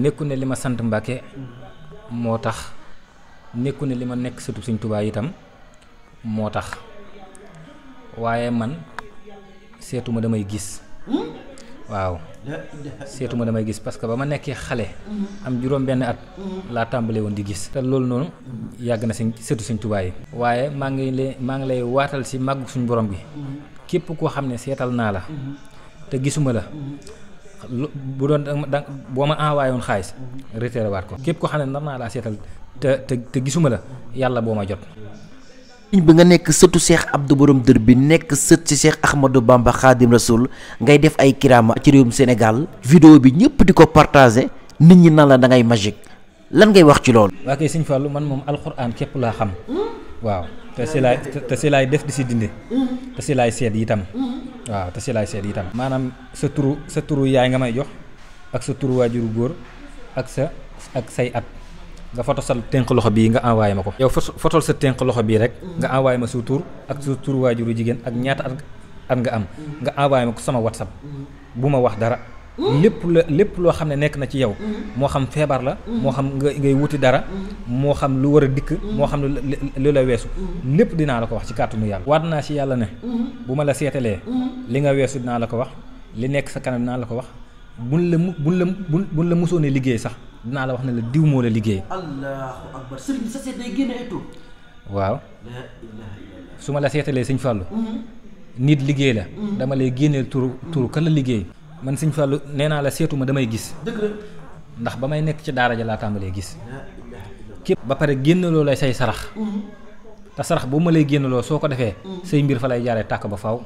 nekku ne li ma sant Mbàkke moo tax nekku ne li ma nekk sëtub Sëñ Tuubaa itam moo tax waaye man seetuma damay gis waaw seetuma damay gis parce que ba ma nekkee xale am juróom benn at laa tàmbale woon di gis te loolu noonu yàgg na sëñ sëtu Sëñ Tuubaa yi waaye maa ngi lay maa ngi lay waatal si màggu suñ borom bi képp koo xam ne seetal naa la te gisuma la bu doon da boo ma envoyé woon xaalis retiré waat ko képp ko xam ne nar naa laa seetal te te te gisuma la yàlla boo ma jot sëriñ bi nga nekk sëtu Cheikh Abdou Borom dër bi nekk sët ci Cheikh Ahmadou Bamba Khadim Rasoul ngay def ay kiraama ci réewum Sénégal vidéo bi ñëpp di ko partagé nit ñi nan la da ngay magique lan ngay wax ci loolu waa kay sëñ Fallou man moom alxuraan képp laa xam waaw te si laay te si laay def di si dindi te si laay seet itam waaw te si laay seet itam maanaam sa turu sa turu yaay nga may jox ak sa turu waajuru góor ak sa ak say at nga foto sa tënk loxo bii nga envoyé ma ko yow fotol sa tënk loxo bii rek nga envoyé ma sa tur ak sa turu waajuru jigéen ak ñaata at at nga am nga envoyé ma ko sama whatsapp bu ma wax dara lépp la lépp loo xam ne nekk na ci yow mm-hmm. moo xam feebar la mm-hmm. moo xam nga ngay wuti dara mm-hmm. moo xam lu war a dikk moo xam lu la weesu lépp dinaa la ko wax ci kàttanu yàlla waat naa ci yàlla ne bu ma la seetalee li nga weesu dinaa la ko wax li nekk sa kanam dinaa la ko wax buñ la mu liggéey sax dinaa la wax ne la diw moo la liggéey allahu waaw su ma la seetalee sëñ Fallou nit liggéey la dama lay génneel turu turu kan la liggéey man sëñ Fallou nee naa la seetuma damay gis. ndax ba may nekk ci daara ja laa tàmbalee gis. képp ba pare génnaloo lay say sarax. Mhm. te sarax bu ma lay génnaloo soo ko defee. Mhm. say mbir fa lay jaaree tàkk ba faw